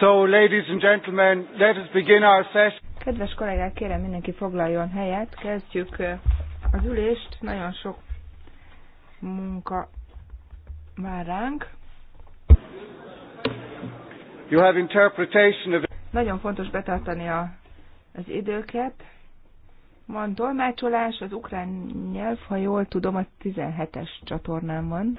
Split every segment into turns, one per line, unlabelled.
So, ladies and gentlemen, let us begin our session.
Kedves kollégák, kérem mindenki foglaljon helyet. Kezdjük az ülést. Nagyon sok munka vár ránk.
You have interpretation of...
Nagyon fontos betartani a, az időket. Van tolmácsolás, az ukrán nyelv, ha jól tudom, a 17-es csatornán van.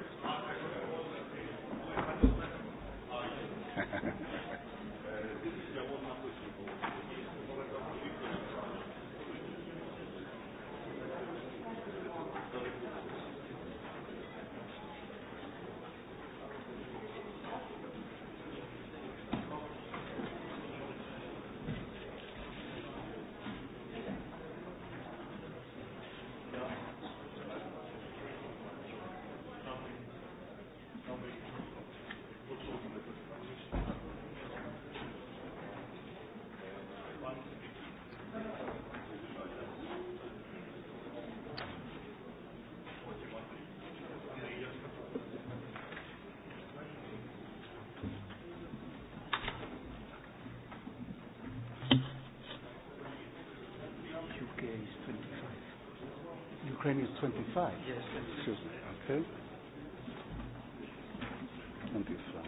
25. Yes, Excuse me. Okay. 25.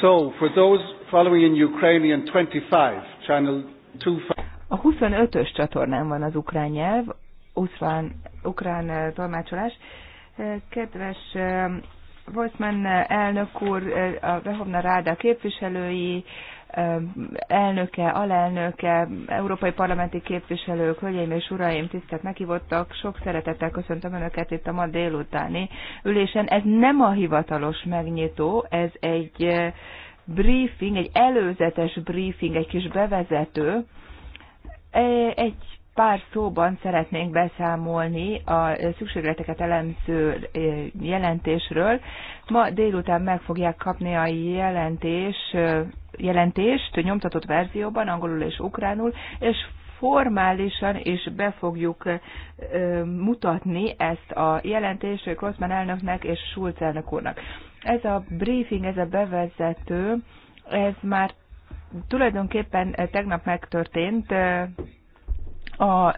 So, for those following in Ukrainian 25,
channel 25. A 25-ös csatornán van az ukrán nyelv, uszván, ukrán eh, tolmácsolás. Eh, kedves Voltman eh, elnök úr, a Behovna Ráda képviselői, elnöke, alelnöke, európai parlamenti képviselők, hölgyeim és uraim, tisztelt meghívottak, sok szeretettel köszöntöm Önöket itt a ma délutáni ülésen. Ez nem a hivatalos megnyitó, ez egy eh, briefing, egy előzetes briefing, egy kis bevezető, eh, egy pár szóban szeretnénk beszámolni a szükségleteket elemző jelentésről. Ma délután meg fogják kapni a jelentés, jelentést nyomtatott verzióban, angolul és ukránul, és formálisan is be fogjuk mutatni ezt a jelentést Krossman elnöknek és Schulz elnök úrnak. Ez a briefing, ez a bevezető, ez már tulajdonképpen tegnap megtörtént, a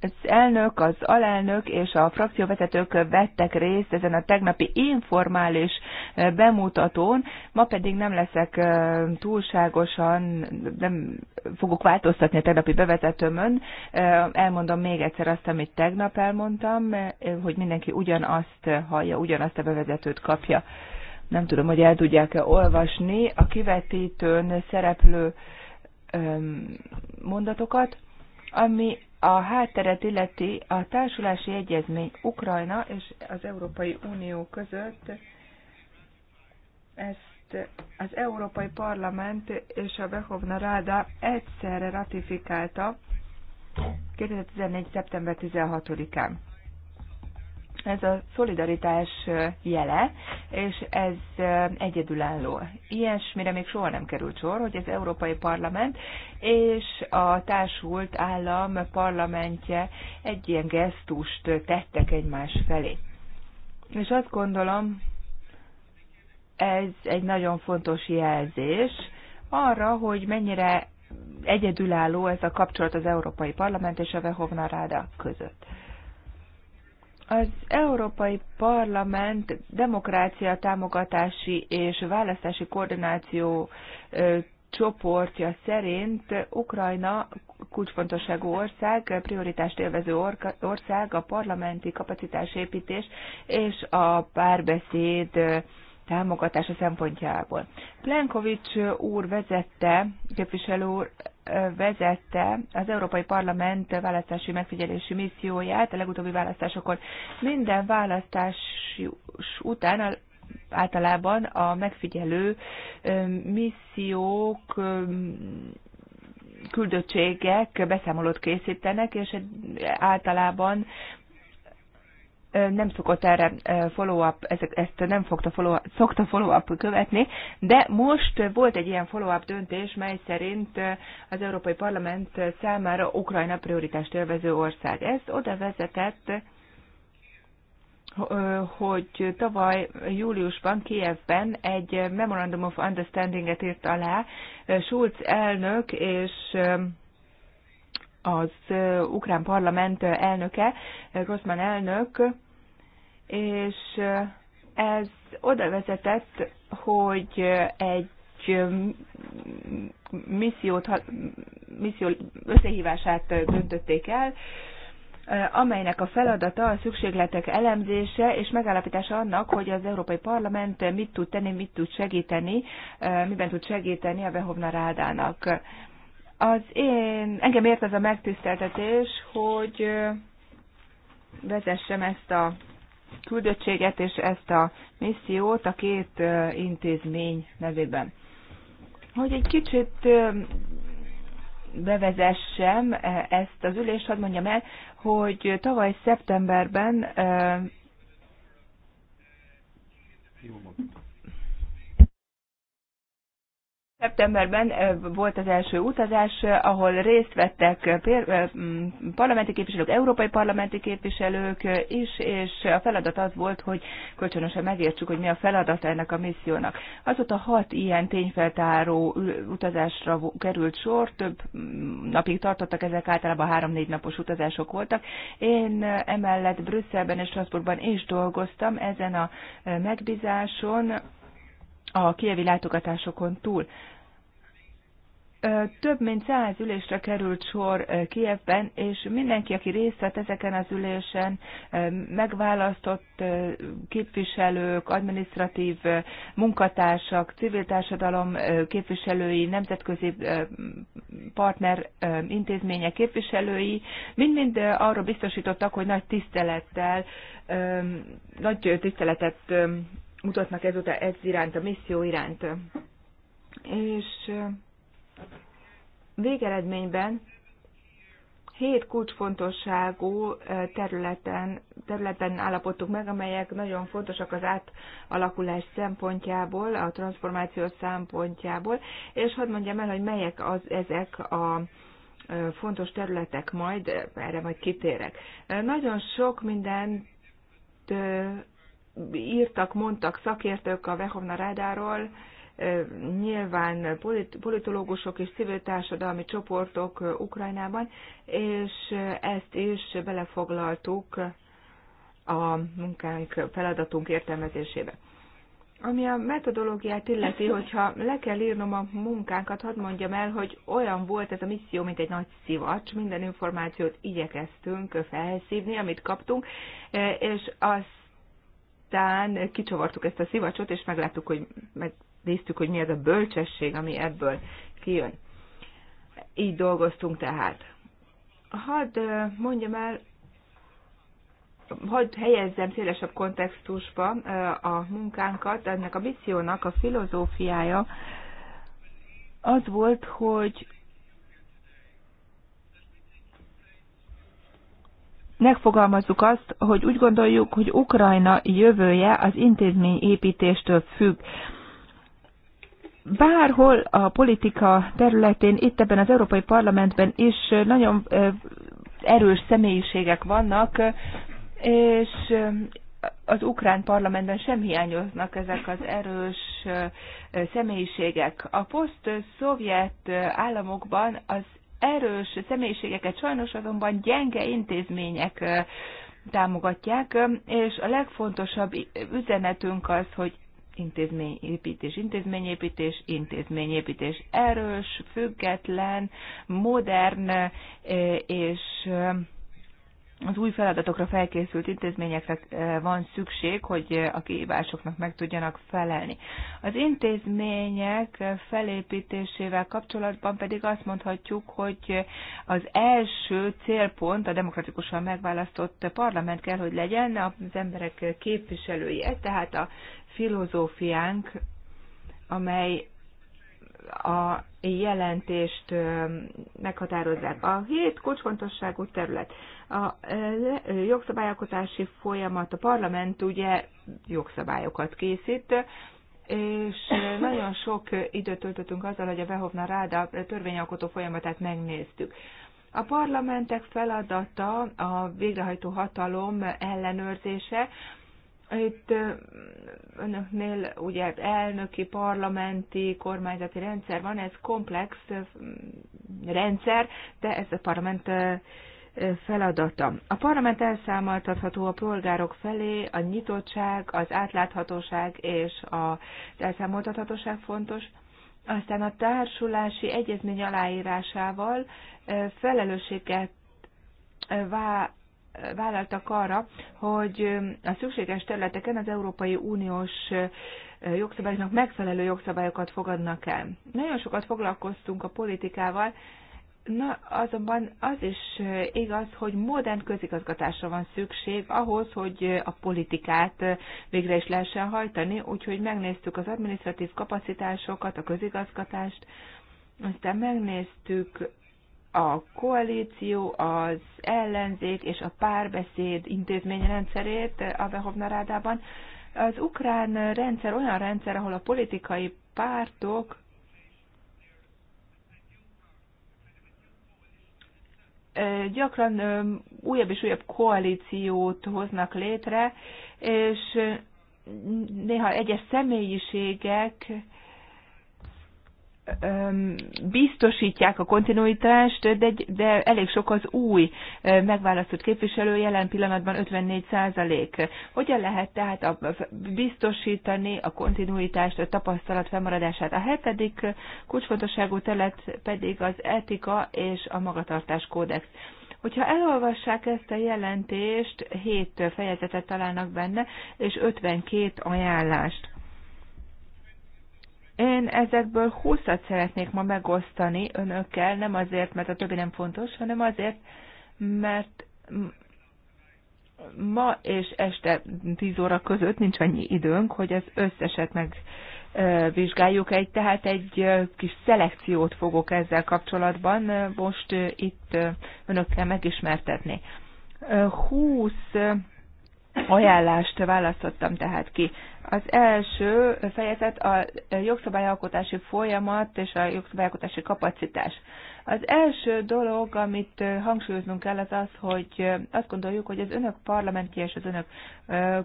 az elnök, az alelnök és a frakcióvezetők vettek részt ezen a tegnapi informális eh, bemutatón, ma pedig nem leszek eh, túlságosan, nem fogok változtatni a tegnapi bevezetőmön. Eh, elmondom még egyszer azt, amit tegnap elmondtam, hogy mindenki ugyanazt hallja, ugyanazt a bevezetőt kapja. Nem tudom, hogy el tudják-e olvasni a kivetítőn szereplő mondatokat ami a hátteret illeti a társulási egyezmény Ukrajna és az Európai Unió között, ezt az Európai Parlament és a Behovna Ráda egyszerre ratifikálta 2014. szeptember 16-án ez a szolidaritás jele, és ez egyedülálló. Ilyesmire még soha nem került sor, hogy az Európai Parlament és a társult állam parlamentje egy ilyen gesztust tettek egymás felé. És azt gondolom, ez egy nagyon fontos jelzés arra, hogy mennyire egyedülálló ez a kapcsolat az Európai Parlament és a Vehovna Ráda között. Az Európai Parlament demokrácia támogatási és választási koordináció csoportja szerint Ukrajna kulcsfontosságú ország, prioritást élvező ország, a parlamenti kapacitásépítés és a párbeszéd támogatása szempontjából. Plenkovics úr vezette, képviselő úr vezette az Európai Parlament választási megfigyelési misszióját a legutóbbi választásokon. Minden választás után általában a megfigyelő missziók küldöttségek beszámolót készítenek, és általában nem szokott erre follow-up, ezt nem fogta follow szokta follow-up követni, de most volt egy ilyen follow-up döntés, mely szerint az Európai Parlament számára Ukrajna prioritást élvező ország. Ez oda vezetett, hogy tavaly júliusban Kievben egy Memorandum of Understanding-et írt alá Schulz elnök és az ukrán parlament elnöke, Grossman elnök, és ez oda vezetett, hogy egy missziót, misszió összehívását döntötték el, amelynek a feladata a szükségletek elemzése és megállapítása annak, hogy az Európai Parlament mit tud tenni, mit tud segíteni, miben tud segíteni a Behovna Rádának. Az én, engem ért ez a megtiszteltetés, hogy vezessem ezt a küldöttséget és ezt a missziót a két intézmény nevében. Hogy egy kicsit bevezessem ezt az ülést, hadd mondjam el, hogy tavaly szeptemberben Szeptemberben volt az első utazás, ahol részt vettek parlamenti képviselők, európai parlamenti képviselők is, és a feladat az volt, hogy kölcsönösen megértsük, hogy mi a feladat ennek a missziónak. Azóta hat ilyen tényfeltáró utazásra került sor, több napig tartottak, ezek általában három-négy napos utazások voltak. Én emellett Brüsszelben és Strasbourgban is dolgoztam ezen a megbízáson, a kievi látogatásokon túl. Több mint száz ülésre került sor Kievben, és mindenki, aki részt vett ezeken az ülésen, megválasztott képviselők, administratív munkatársak, civil társadalom képviselői, nemzetközi partner intézmények képviselői, mind-mind arra biztosítottak, hogy nagy tisztelettel, nagy tiszteletet mutatnak ezután ez iránt, a misszió iránt. És végeredményben hét kulcsfontosságú területen, területen állapodtuk meg, amelyek nagyon fontosak az átalakulás szempontjából, a transformáció szempontjából, és hadd mondjam el, hogy melyek az, ezek a fontos területek majd, erre majd kitérek. Nagyon sok mindent írtak, mondtak szakértők a Vehovna Rádáról, nyilván politológusok és civil társadalmi csoportok Ukrajnában, és ezt is belefoglaltuk a munkánk, feladatunk értelmezésébe. Ami a metodológiát illeti, hogyha le kell írnom a munkánkat, hadd mondjam el, hogy olyan volt ez a misszió, mint egy nagy szivacs, minden információt igyekeztünk felszívni, amit kaptunk, és az aztán kicsavartuk ezt a szivacsot, és megláttuk, hogy megnéztük, hogy mi ez a bölcsesség, ami ebből kijön. Így dolgoztunk tehát. Hadd mondjam el, hadd helyezzem szélesebb kontextusba a munkánkat. Ennek a missziónak a filozófiája az volt, hogy megfogalmazzuk azt, hogy úgy gondoljuk, hogy Ukrajna jövője az intézmény építéstől függ. Bárhol a politika területén, itt ebben az Európai Parlamentben is nagyon erős személyiségek vannak, és az ukrán parlamentben sem hiányoznak ezek az erős személyiségek. A poszt-szovjet államokban az erős személyiségeket sajnos azonban gyenge intézmények támogatják, és a legfontosabb üzenetünk az, hogy intézményépítés, intézményépítés, intézményépítés. Erős, független, modern és az új feladatokra felkészült intézményekre eh, van szükség, hogy eh, a kihívásoknak meg tudjanak felelni. Az intézmények felépítésével kapcsolatban pedig azt mondhatjuk, hogy az első célpont a demokratikusan megválasztott parlament kell, hogy legyen az emberek képviselője, tehát a filozófiánk, amely a jelentést eh, meghatározzák. A hét kocsfontosságú terület a e, e, jogszabályalkotási folyamat, a parlament ugye jogszabályokat készít, és nagyon sok időt töltöttünk azzal, hogy a Behovna Ráda törvényalkotó folyamatát megnéztük. A parlamentek feladata a végrehajtó hatalom ellenőrzése. Itt e, önöknél ugye elnöki, parlamenti, kormányzati rendszer van, ez komplex rendszer, de ez a parlament feladata. A parlament elszámoltatható a polgárok felé, a nyitottság, az átláthatóság és az elszámoltathatóság fontos. Aztán a társulási egyezmény aláírásával felelősséget vá vállaltak arra, hogy a szükséges területeken az Európai Uniós jogszabályoknak megfelelő jogszabályokat fogadnak el. Nagyon sokat foglalkoztunk a politikával, Na, azonban az is igaz, hogy modern közigazgatásra van szükség ahhoz, hogy a politikát végre is lehessen hajtani, úgyhogy megnéztük az administratív kapacitásokat, a közigazgatást, aztán megnéztük a koalíció, az ellenzék és a párbeszéd intézményrendszerét a Vehovna Rádában. Az ukrán rendszer olyan rendszer, ahol a politikai pártok gyakran újabb és újabb koalíciót hoznak létre, és néha egyes személyiségek biztosítják a kontinuitást, de, de elég sok az új megválasztott képviselő, jelen pillanatban 54 százalék. Hogyan lehet tehát a, biztosítani a kontinuitást, a tapasztalat felmaradását? A hetedik kulcsfontosságú telet pedig az etika és a magatartás kódex. Hogyha elolvassák ezt a jelentést, 7 fejezetet találnak benne, és 52 ajánlást. Én ezekből 20 szeretnék ma megosztani önökkel, nem azért, mert a többi nem fontos, hanem azért, mert ma és este 10 óra között nincs annyi időnk, hogy az összeset megvizsgáljuk egy, tehát egy kis szelekciót fogok ezzel kapcsolatban most itt önökkel megismertetni. 20 ajánlást választottam tehát ki. Az első fejezet a jogszabályalkotási folyamat és a jogszabályalkotási kapacitás. Az első dolog, amit hangsúlyoznunk kell, az az, hogy azt gondoljuk, hogy az önök parlamenti és az önök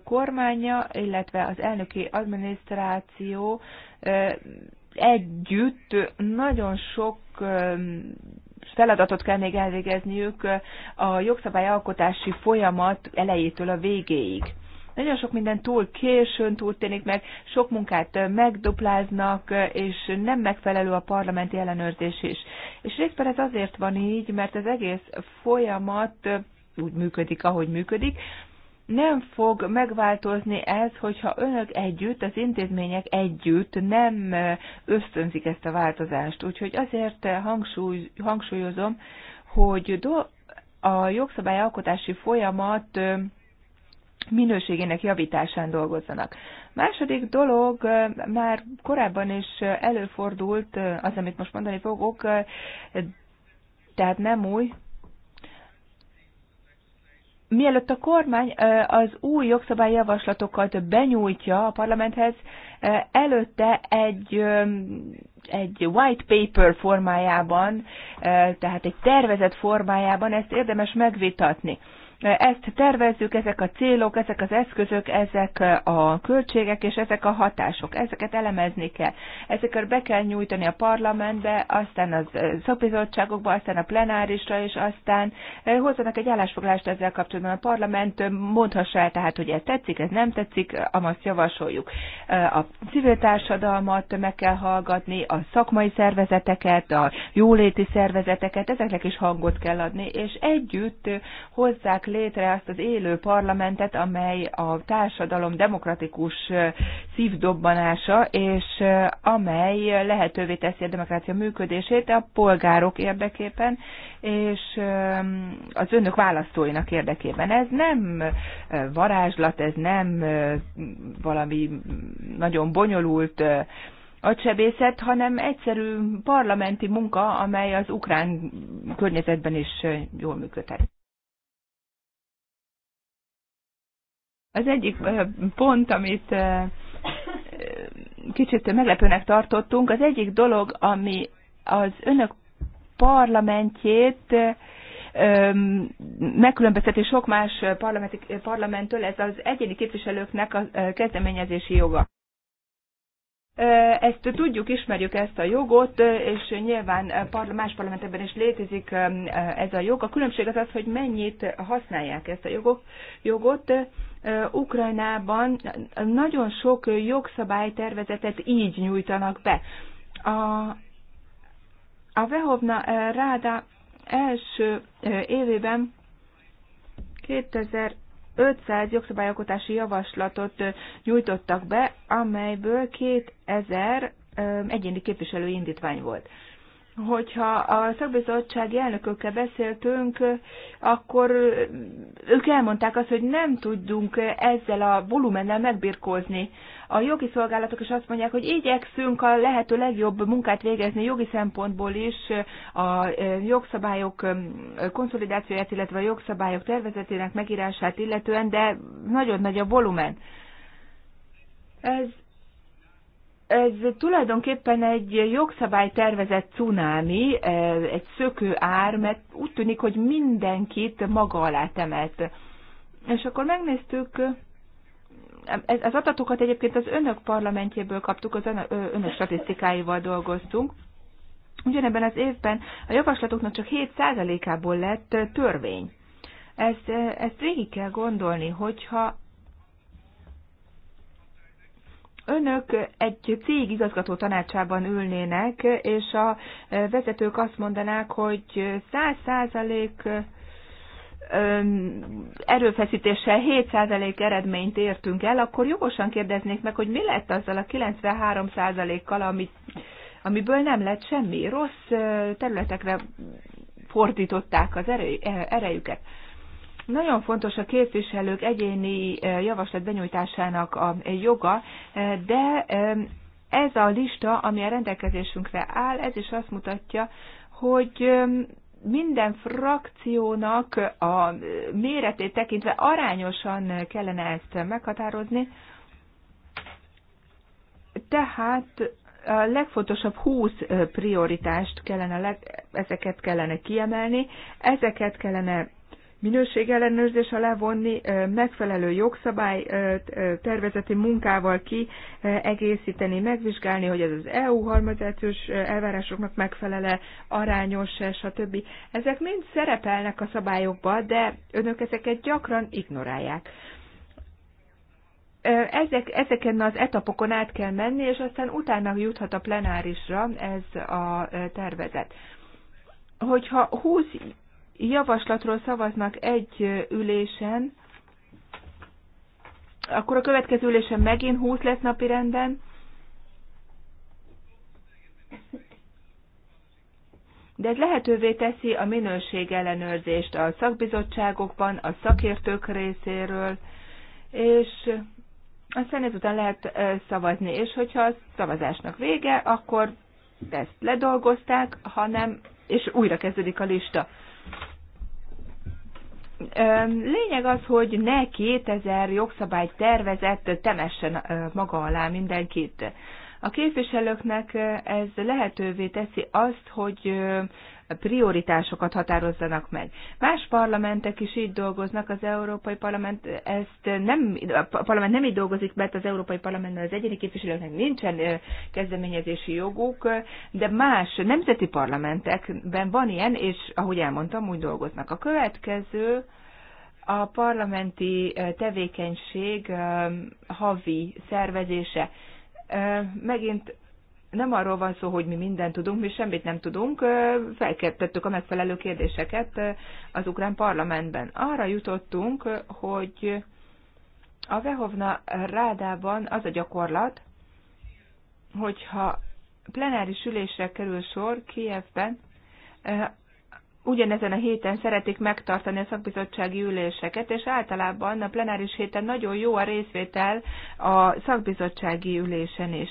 kormánya, illetve az elnöki adminisztráció együtt nagyon sok feladatot kell még elvégezniük a jogszabályalkotási folyamat elejétől a végéig. Nagyon sok minden túl későn történik meg, sok munkát megdupláznak, és nem megfelelő a parlamenti ellenőrzés is. És részben ez azért van így, mert az egész folyamat úgy működik, ahogy működik, nem fog megváltozni ez, hogyha önök együtt, az intézmények együtt nem ösztönzik ezt a változást. Úgyhogy azért hangsúly, hangsúlyozom, hogy do, a jogszabályalkotási folyamat minőségének javításán dolgozzanak. Második dolog, már korábban is előfordult az, amit most mondani fogok, tehát nem új, mielőtt a kormány az új jogszabályjavaslatokat benyújtja a parlamenthez, előtte egy, egy white paper formájában, tehát egy tervezet formájában ezt érdemes megvitatni. Ezt tervezzük, ezek a célok, ezek az eszközök, ezek a költségek és ezek a hatások. Ezeket elemezni kell. Ezeket be kell nyújtani a parlamentbe, aztán a szakbizottságokba, aztán a plenárisra, és aztán eh, hozzanak egy állásfoglalást ezzel kapcsolatban. A parlament eh, mondhassa el tehát, hogy ez tetszik, ez nem tetszik, amazt eh, javasoljuk. A civil társadalmat meg kell hallgatni, a szakmai szervezeteket, a jóléti szervezeteket, ezeknek is hangot kell adni, és együtt hozzák létre azt az élő parlamentet, amely a társadalom demokratikus szívdobbanása, és amely lehetővé teszi a demokrácia működését a polgárok érdekében, és az önök választóinak érdekében. Ez nem varázslat, ez nem valami nagyon bonyolult csebészet, hanem egyszerű parlamenti munka, amely az ukrán környezetben is jól működhet. Az egyik pont, amit kicsit meglepőnek tartottunk, az egyik dolog, ami az önök parlamentjét megkülönbözteti sok más parlamenttől, ez az egyéni képviselőknek a kezdeményezési joga. Ezt tudjuk, ismerjük ezt a jogot, és nyilván más parlamentekben is létezik ez a jog. A különbség az az, hogy mennyit használják ezt a jogot. Ukrajnában nagyon sok jogszabálytervezetet így nyújtanak be. A, a Vehovna Ráda első évében 2000 500 jogszabályalkotási javaslatot nyújtottak be, amelyből 2000 egyéni képviselő indítvány volt hogyha a szakbizottsági elnökökkel beszéltünk, akkor ők elmondták azt, hogy nem tudunk ezzel a volumennel megbirkózni. A jogi szolgálatok is azt mondják, hogy igyekszünk a lehető legjobb munkát végezni jogi szempontból is, a jogszabályok konszolidációját, illetve a jogszabályok tervezetének megírását illetően, de nagyon nagy a volumen. Ez ez tulajdonképpen egy tervezett cunámi, eh, egy szökő ár, mert úgy tűnik, hogy mindenkit maga alá temet. És akkor megnéztük, az eh, adatokat egyébként az önök parlamentjéből kaptuk, az önök statisztikáival dolgoztunk. Ugyanebben az évben a javaslatoknak csak 7%-ából lett eh, törvény. Ezt, ezt végig kell gondolni, hogyha önök egy cég igazgató tanácsában ülnének, és a vezetők azt mondanák, hogy száz százalék erőfeszítéssel 7% eredményt értünk el, akkor jogosan kérdeznék meg, hogy mi lett azzal a 93%-kal, ami amiből nem lett semmi. Rossz területekre fordították az erejüket. Nagyon fontos a képviselők egyéni javaslat benyújtásának a joga, de ez a lista, ami a rendelkezésünkre áll, ez is azt mutatja, hogy minden frakciónak a méretét tekintve arányosan kellene ezt meghatározni. Tehát a legfontosabb 20 prioritást kellene, ezeket kellene kiemelni, ezeket kellene minőségellenőrzés alá vonni, megfelelő jogszabály tervezeti munkával ki egészíteni, megvizsgálni, hogy ez az EU harmadációs elvárásoknak megfelele, arányos, stb. Ezek mind szerepelnek a szabályokba, de önök ezeket gyakran ignorálják ezek, ezeken az etapokon át kell menni, és aztán utána juthat a plenárisra ez a tervezet. Hogyha 20 javaslatról szavaznak egy ülésen, akkor a következő ülésen megint 20 lesz napi renden. De ez lehetővé teszi a minőség ellenőrzést a szakbizottságokban, a szakértők részéről, és aztán ezután lehet szavazni, és hogyha a szavazásnak vége, akkor ezt ledolgozták, hanem, és újra kezdődik a lista. Lényeg az, hogy ne 2000 jogszabály tervezett temessen maga alá mindenkit. A képviselőknek ez lehetővé teszi azt, hogy prioritásokat határozzanak meg. Más parlamentek is így dolgoznak, az Európai Parlament ezt nem, a parlament nem így dolgozik, mert az Európai Parlamentben az egyéni képviselőknek nincsen kezdeményezési joguk, de más nemzeti parlamentekben van ilyen, és ahogy elmondtam, úgy dolgoznak. A következő a parlamenti tevékenység havi szervezése. Megint nem arról van szó, hogy mi mindent tudunk, mi semmit nem tudunk, felkértettük a megfelelő kérdéseket az ukrán parlamentben. Arra jutottunk, hogy a Vehovna rádában az a gyakorlat, hogyha plenáris ülésre kerül sor Kijevben, ugyanezen a héten szeretik megtartani a szakbizottsági üléseket, és általában a plenáris héten nagyon jó a részvétel a szakbizottsági ülésen is.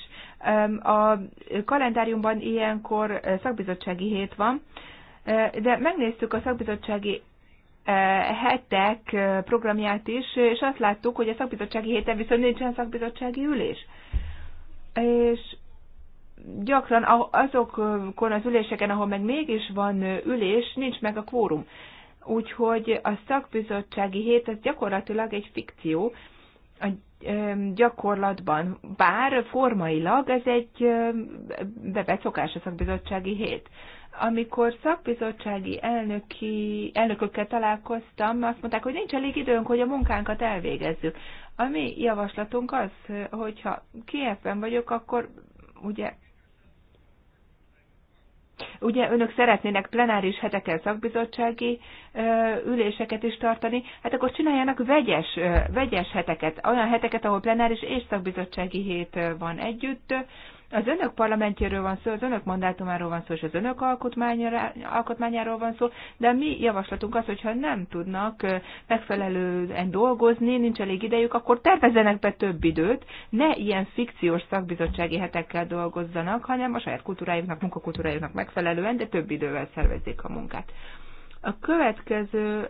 A kalendáriumban ilyenkor szakbizottsági hét van, de megnéztük a szakbizottsági hetek programját is, és azt láttuk, hogy a szakbizottsági héten viszont nincsen szakbizottsági ülés. És gyakran azokon az üléseken, ahol meg mégis van ülés, nincs meg a kvórum. Úgyhogy a szakbizottsági hét az gyakorlatilag egy fikció, a gyakorlatban, bár formailag ez egy bevett szokás a szakbizottsági hét. Amikor szakbizottsági elnöki, elnökökkel találkoztam, azt mondták, hogy nincs elég időnk, hogy a munkánkat elvégezzük. A mi javaslatunk az, hogyha Kievben vagyok, akkor ugye Ugye önök szeretnének plenáris heteken szakbizottsági ö, üléseket is tartani, hát akkor csináljanak vegyes, ö, vegyes heteket, olyan heteket, ahol plenáris és szakbizottsági hét van együtt, az önök parlamentjéről van szó, az önök mandátumáról van szó, és az önök alkotmányáról van szó, de mi javaslatunk az, hogyha nem tudnak megfelelően dolgozni, nincs elég idejük, akkor tervezzenek be több időt, ne ilyen fikciós szakbizottsági hetekkel dolgozzanak, hanem a saját kultúrájuknak, munkakultúrájuknak megfelelően, de több idővel szervezzék a munkát. A következő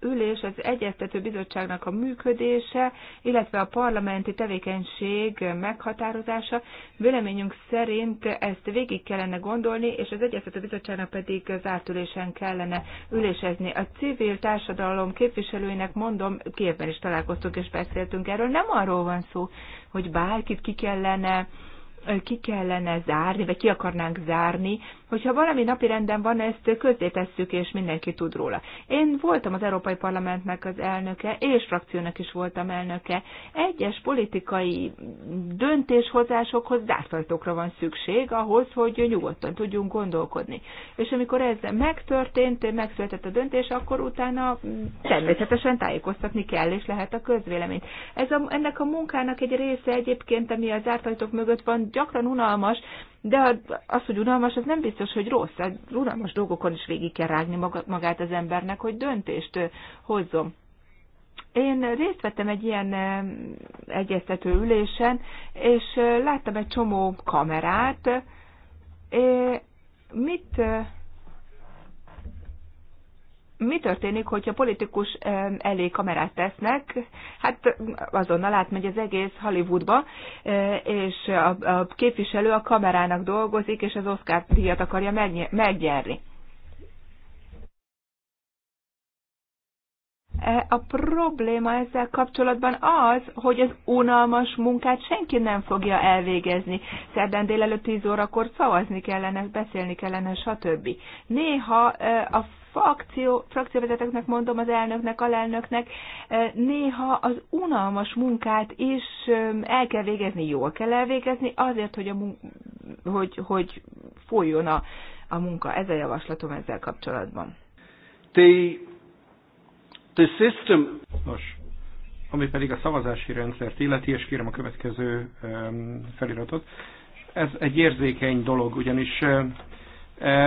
ülés az Egyeztető Bizottságnak a működése, illetve a parlamenti tevékenység meghatározása. Véleményünk szerint ezt végig kellene gondolni, és az Egyeztető Bizottságnak pedig zárt ülésen kellene ülésezni. A civil társadalom képviselőinek mondom, Kievben is találkoztunk és beszéltünk erről, nem arról van szó, hogy bárkit ki kellene ki kellene zárni, vagy ki akarnánk zárni, hogyha valami napi renden van, ezt közzétesszük, és mindenki tud róla. Én voltam az Európai Parlamentnek az elnöke, és frakciónak is voltam elnöke. Egyes politikai döntéshozásokhoz zártajtókra van szükség, ahhoz, hogy nyugodtan tudjunk gondolkodni. És amikor ez megtörtént, megszületett a döntés, akkor utána természetesen tájékoztatni kell, és lehet a közvéleményt. Ez a, ennek a munkának egy része egyébként, ami a zártajtók mögött van, gyakran unalmas, de az, hogy unalmas, az nem biztos, hogy rossz. Hát unalmas dolgokon is végig kell rágni magát az embernek, hogy döntést hozzon. Én részt vettem egy ilyen egyeztető ülésen, és láttam egy csomó kamerát. Mit mi történik, hogyha politikus elé kamerát tesznek? Hát azonnal átmegy az egész Hollywoodba, e, és a képviselő a kamerának dolgozik, és az Oscar díjat akarja megnyerni. E, a probléma ezzel kapcsolatban az, hogy az unalmas munkát senki nem fogja elvégezni. Szerdán délelőtt 10 órakor szavazni kellene, beszélni kellene, stb. Néha e, a frakció, frakcióvezetőknek mondom, az elnöknek, alelnöknek, e, néha az unalmas munkát is el kell végezni, jól kell elvégezni, azért, hogy, a mun- hogy, hogy folyjon a, a munka. Ez a javaslatom ezzel kapcsolatban. They The system... Nos,
ami pedig a szavazási rendszert illeti, és kérem a következő feliratot. Ez egy érzékeny dolog, ugyanis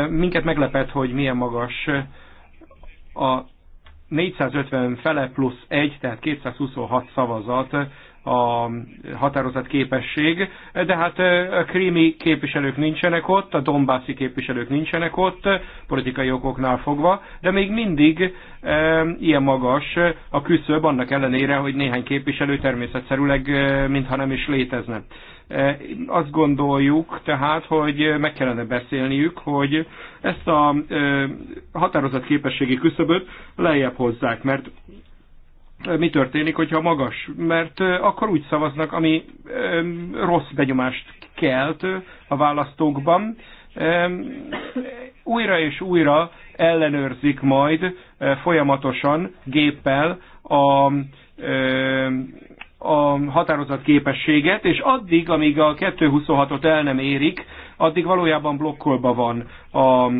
minket meglepett, hogy milyen magas a 450 fele plusz 1, tehát 226 szavazat a határozat képesség, de hát a krími képviselők nincsenek ott, a dombászi képviselők nincsenek ott, politikai okoknál fogva, de még mindig e, ilyen magas a küszöb, annak ellenére, hogy néhány képviselő természetszerűleg e, mintha nem is létezne. E, azt gondoljuk tehát, hogy meg kellene beszélniük, hogy ezt a e, képességi küszöböt lejjebb hozzák, mert mi történik, hogyha magas, mert akkor úgy szavaznak, ami rossz benyomást kelt a választókban. Újra és újra ellenőrzik majd folyamatosan géppel a a határozat képességet, és addig, amíg a 226-ot el nem érik, addig valójában blokkolva van a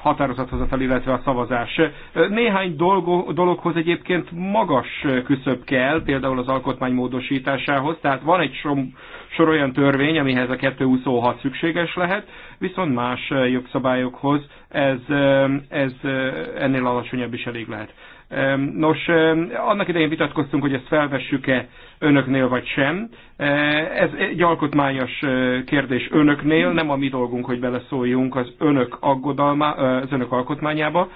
határozathozatal, illetve a szavazás. Néhány dolgo, dologhoz egyébként magas küszöb kell, például az alkotmány módosításához, tehát van egy som, sor olyan törvény, amihez a 226 szükséges lehet, viszont más jogszabályokhoz ez, ez ennél alacsonyabb is elég lehet. Nos, annak idején vitatkoztunk, hogy ezt felvessük-e önöknél vagy sem. E, ez egy alkotmányos e, kérdés önöknél, nem a mi dolgunk, hogy beleszóljunk az önök aggodalma, e, az önök alkotmányába,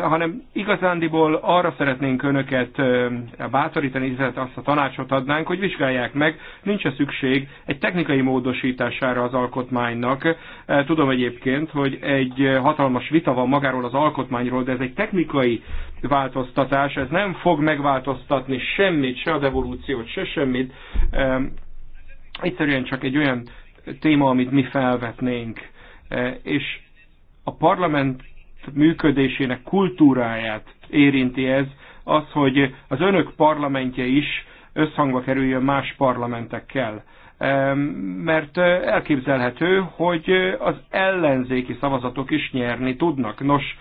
hanem igazándiból arra szeretnénk önöket bátorítani, illetve azt a tanácsot adnánk, hogy vizsgálják meg, nincs-e szükség egy technikai módosítására az alkotmánynak. Tudom egyébként, hogy egy hatalmas vita van magáról az alkotmányról, de ez egy technikai változtatás, ez nem fog megváltoztatni semmit, se a evolúciót, se semmit. Egyszerűen csak egy olyan téma, amit mi felvetnénk. E, és a parlament működésének kultúráját érinti ez, az, hogy az önök parlamentje is összhangba kerüljön más parlamentekkel. E, mert elképzelhető, hogy az ellenzéki szavazatok is nyerni tudnak. Nos,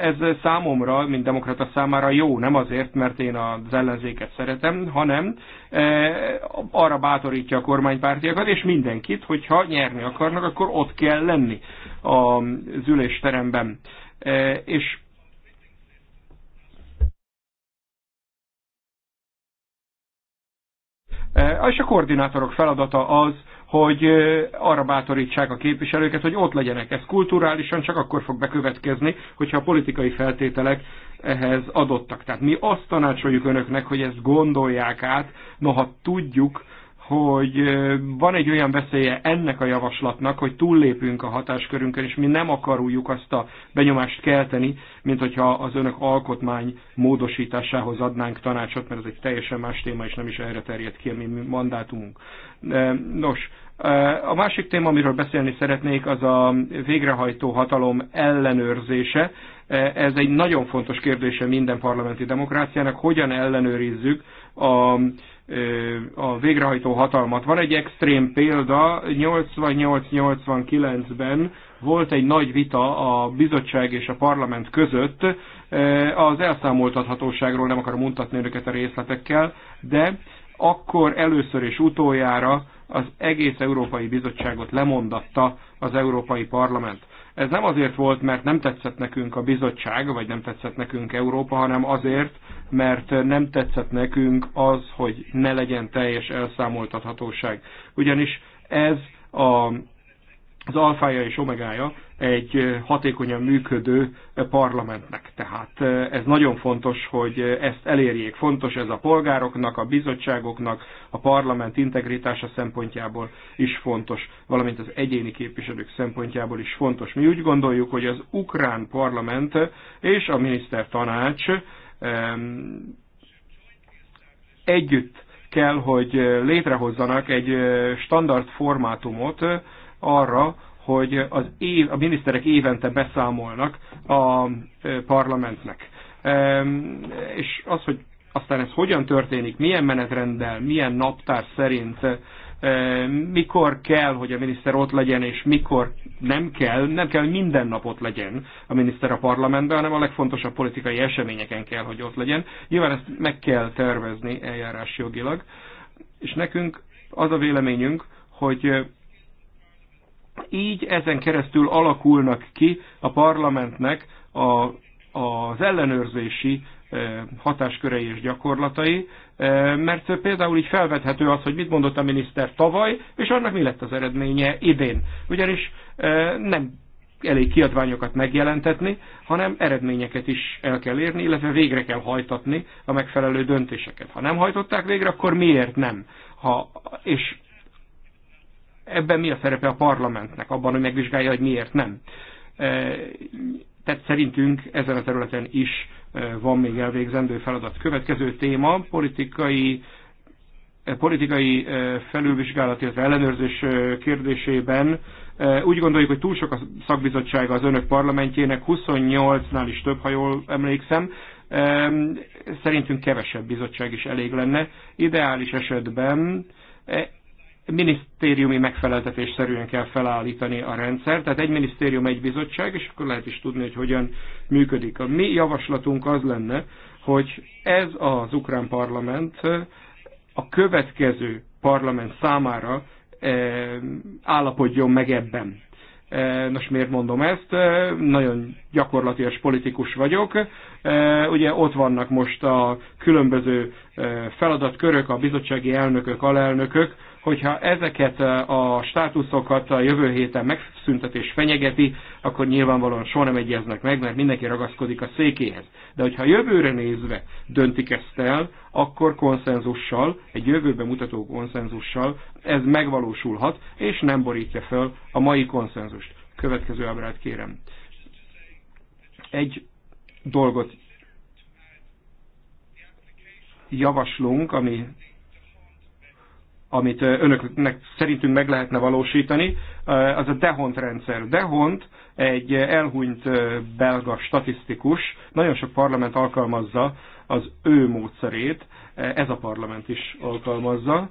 ez számomra, mint demokrata számára jó, nem azért, mert én az ellenzéket szeretem, hanem eh, arra bátorítja a kormánypártiakat és mindenkit, hogyha nyerni akarnak, akkor ott kell lenni az ülésteremben. Eh, és eh, És a koordinátorok feladata az, hogy arra bátorítsák a képviselőket, hogy ott legyenek. Ez kulturálisan csak akkor fog bekövetkezni, hogyha a politikai feltételek ehhez adottak. Tehát mi azt tanácsoljuk önöknek, hogy ezt gondolják át, noha tudjuk, hogy van egy olyan veszélye ennek a javaslatnak, hogy túllépünk a hatáskörünkön, és mi nem akaruljuk azt a benyomást kelteni, mint hogyha az önök alkotmány módosításához adnánk tanácsot, mert ez egy teljesen más téma, és nem is erre terjed ki a mi mandátumunk. Nos, a másik téma, amiről beszélni szeretnék, az a végrehajtó hatalom ellenőrzése. Ez egy nagyon fontos kérdése minden parlamenti demokráciának, hogyan ellenőrizzük a a végrehajtó hatalmat. Van egy extrém példa, 88-89-ben volt egy nagy vita a bizottság és a parlament között az elszámoltathatóságról, nem akarom mutatni önöket a részletekkel, de akkor először és utoljára az egész Európai Bizottságot lemondatta az Európai Parlament. Ez nem azért volt, mert nem tetszett nekünk a bizottság, vagy nem tetszett nekünk Európa, hanem azért, mert nem tetszett nekünk az, hogy ne legyen teljes elszámoltathatóság. Ugyanis ez a az alfája és omegája egy hatékonyan működő parlamentnek. Tehát ez nagyon fontos, hogy ezt elérjék. Fontos ez a polgároknak, a bizottságoknak, a parlament integritása szempontjából is fontos, valamint az egyéni képviselők szempontjából is fontos. Mi úgy gondoljuk, hogy az ukrán parlament és a minisztertanács együtt kell, hogy létrehozzanak egy standard formátumot, arra, hogy az év, a miniszterek évente beszámolnak a parlamentnek. Ehm, és az, hogy aztán ez hogyan történik, milyen menetrenddel, milyen naptár szerint, mikor kell, hogy a miniszter ott legyen, és mikor nem kell, nem kell, hogy minden nap ott legyen a miniszter a parlamentben, hanem a legfontosabb politikai eseményeken kell, hogy ott legyen. Nyilván ezt meg kell tervezni eljárás jogilag, és nekünk az a véleményünk, hogy így ezen keresztül alakulnak ki a parlamentnek a, az ellenőrzési eh, hatáskörei és gyakorlatai, eh, mert például így felvethető az, hogy mit mondott a miniszter tavaly, és annak mi lett az eredménye idén. Ugyanis eh, nem elég kiadványokat megjelentetni, hanem eredményeket is el kell érni, illetve végre kell hajtatni a megfelelő döntéseket. Ha nem hajtották végre, akkor miért nem? Ha, és Ebben mi a szerepe a parlamentnek? Abban, hogy megvizsgálja, hogy miért nem. Tehát szerintünk ezen a területen is van még elvégzendő feladat. Következő téma politikai politikai felülvizsgálat, illetve ellenőrzés kérdésében úgy gondoljuk, hogy túl sok a szakbizottsága az önök parlamentjének, 28-nál is több, ha jól emlékszem. Szerintünk kevesebb bizottság is elég lenne. Ideális esetben minisztériumi megfeleltetés szerűen kell felállítani a rendszer, tehát egy minisztérium, egy bizottság, és akkor lehet is tudni, hogy hogyan működik. A mi javaslatunk az lenne, hogy ez az ukrán parlament a következő parlament számára eh, állapodjon meg ebben. Eh, nos, miért mondom ezt? Eh, nagyon gyakorlatias politikus vagyok. Ugye ott vannak most a különböző feladatkörök, a bizottsági elnökök, alelnökök, hogyha ezeket a státuszokat a jövő héten megszüntetés fenyegeti, akkor nyilvánvalóan soha nem egyeznek meg, mert mindenki ragaszkodik a székéhez. De hogyha jövőre nézve döntik ezt el, akkor konszenzussal, egy jövőbe mutató konszenzussal ez megvalósulhat, és nem borítja fel a mai konszenzust. Következő ábrát kérem. Egy dolgot javaslunk, ami amit önöknek szerintünk meg lehetne valósítani, az a Dehont rendszer. Dehont egy elhunyt belga statisztikus, nagyon sok parlament alkalmazza az ő módszerét, ez a parlament is alkalmazza,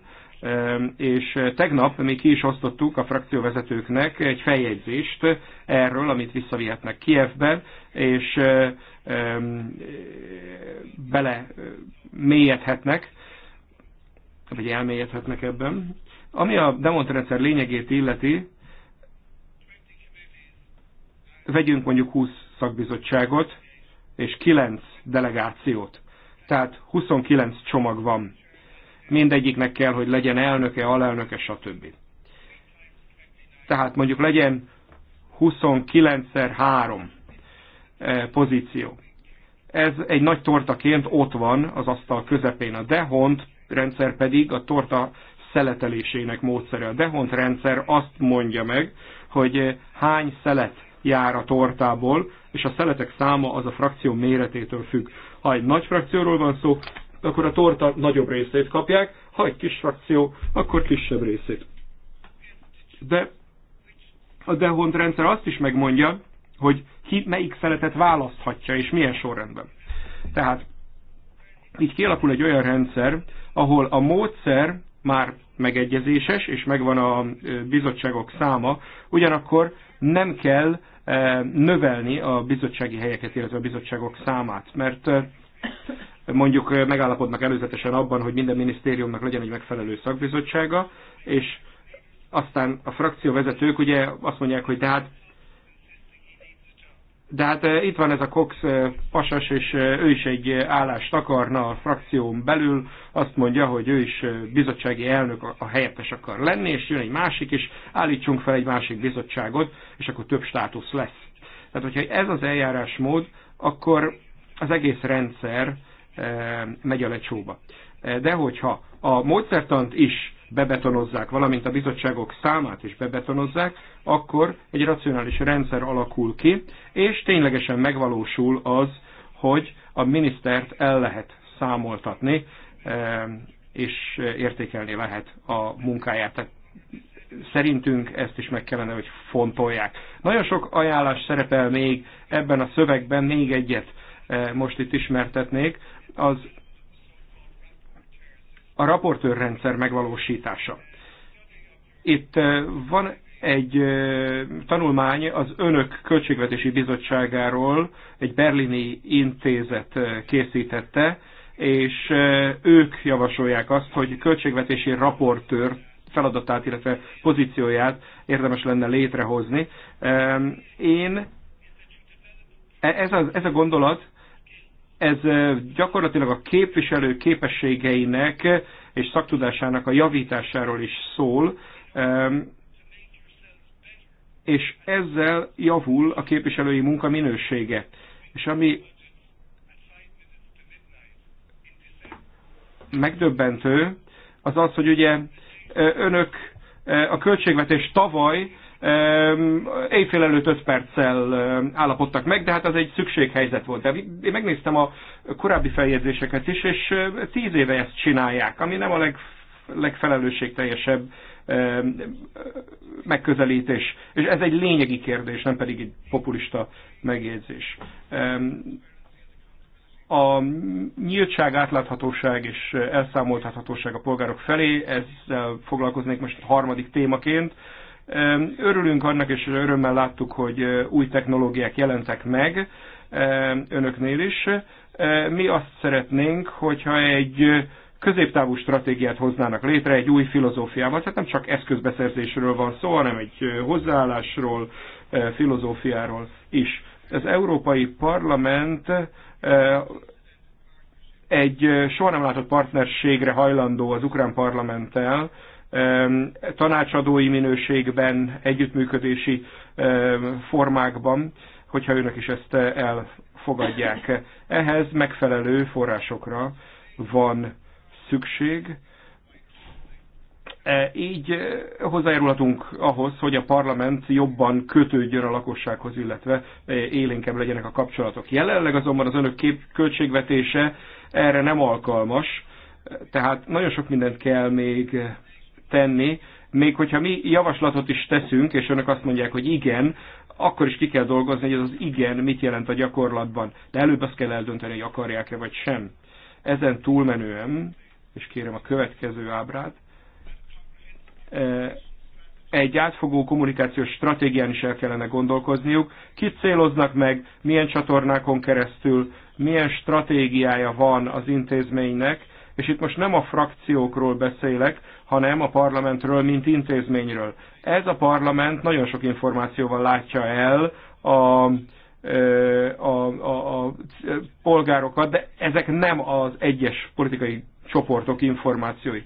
és tegnap mi ki is osztottuk a frakcióvezetőknek egy feljegyzést erről, amit visszavihetnek Kievbe, és bele mélyedhetnek vagy elmélyedhetnek ebben. Ami a demonstrendszer lényegét illeti, vegyünk mondjuk 20 szakbizottságot és 9 delegációt. Tehát 29 csomag van. Mindegyiknek kell, hogy legyen elnöke, alelnöke, stb. Tehát mondjuk legyen 29-szer 3 eh, pozíció. Ez egy nagy tortaként ott van az asztal közepén a dehont, rendszer pedig a torta szeletelésének módszere. A Dehont rendszer azt mondja meg, hogy hány szelet jár a tortából, és a szeletek száma az a frakció méretétől függ. Ha egy nagy frakcióról van szó, akkor a torta nagyobb részét kapják, ha egy kis frakció, akkor kisebb részét. De a Dehont rendszer azt is megmondja, hogy ki melyik szeletet választhatja, és milyen sorrendben. Tehát így kialakul egy olyan rendszer, ahol a módszer már megegyezéses, és megvan a bizottságok száma, ugyanakkor nem kell növelni a bizottsági helyeket, illetve a bizottságok számát, mert mondjuk megállapodnak előzetesen abban, hogy minden minisztériumnak legyen egy megfelelő szakbizottsága, és aztán a frakcióvezetők ugye azt mondják, hogy de hát de hát eh, itt van ez a Cox eh, pasas, és eh, ő is egy állást akarna a frakción belül, azt mondja, hogy ő is bizottsági elnök a helyettes akar lenni, és jön egy másik, és állítsunk fel egy másik bizottságot, és akkor több státusz lesz. Tehát, hogyha ez az eljárásmód, akkor az egész rendszer megy a lecsóba. De hogyha a módszertant is bebetonozzák, valamint a bizottságok számát is bebetonozzák, akkor egy racionális rendszer alakul ki, és ténylegesen megvalósul az, hogy a minisztert el lehet számoltatni, e, és értékelni lehet a munkáját. Tehát szerintünk ezt is meg kellene, hogy fontolják. Nagyon sok ajánlás szerepel még ebben a szövegben, még egyet e, most itt ismertetnék. Az a raportőrrendszer megvalósítása. Itt van egy tanulmány az Önök Költségvetési Bizottságáról, egy berlini intézet készítette, és ők javasolják azt, hogy költségvetési raportőr feladatát, illetve pozícióját érdemes lenne létrehozni. Én e, ez a, ez a gondolat ez gyakorlatilag a képviselő képességeinek és szaktudásának a javításáról is szól, és ezzel javul a képviselői munka minősége. És ami megdöbbentő, az az, hogy ugye önök a költségvetés tavaly éjfél előtt 5 perccel állapodtak meg, de hát az egy szükséghelyzet volt. De én megnéztem a korábbi feljegyzéseket is, és 10 éve ezt csinálják, ami nem a leg, legfelelősségteljesebb megközelítés. És ez egy lényegi kérdés, nem pedig egy populista megjegyzés. A nyíltság, átláthatóság és elszámoltathatóság a polgárok felé, ezzel foglalkoznék most harmadik témaként, Örülünk annak, és örömmel láttuk, hogy eh, új technológiák jelentek meg önöknél is. Mi azt szeretnénk, hogyha egy eh, középtávú stratégiát hoznának létre egy új filozófiával, tehát nem csak eszközbeszerzésről van szó, hanem egy eh, hozzáállásról, filozófiáról is. Az Európai Parlament egy soha nem látott partnerségre hajlandó az ukrán parlamenttel, tanácsadói minőségben, együttműködési formákban, hogyha önök is ezt elfogadják. Ehhez megfelelő forrásokra van szükség. E, így eh, hozzájárulhatunk ahhoz, hogy a parlament jobban kötődjön a lakossághoz, illetve eh, élénkebb legyenek a kapcsolatok. Jelenleg azonban az önök kép költségvetése erre nem alkalmas, tehát nagyon sok mindent kell még eh, tenni, még hogyha mi javaslatot is teszünk, és önök azt mondják, hogy igen, akkor is ki kell dolgozni, hogy ez az igen mit jelent a gyakorlatban. De előbb azt kell eldönteni, hogy akarják-e vagy sem. Ezen túlmenően, és kérem a következő ábrát, e, egy átfogó kommunikációs stratégián is el kellene gondolkozniuk. Kit céloznak meg, milyen csatornákon keresztül, milyen stratégiája van az intézménynek, és itt most nem a frakciókról beszélek, hanem a parlamentről, mint intézményről. Ez a parlament nagyon sok információval látja el a, a, a, a polgárokat, de ezek nem az egyes politikai csoportok információi.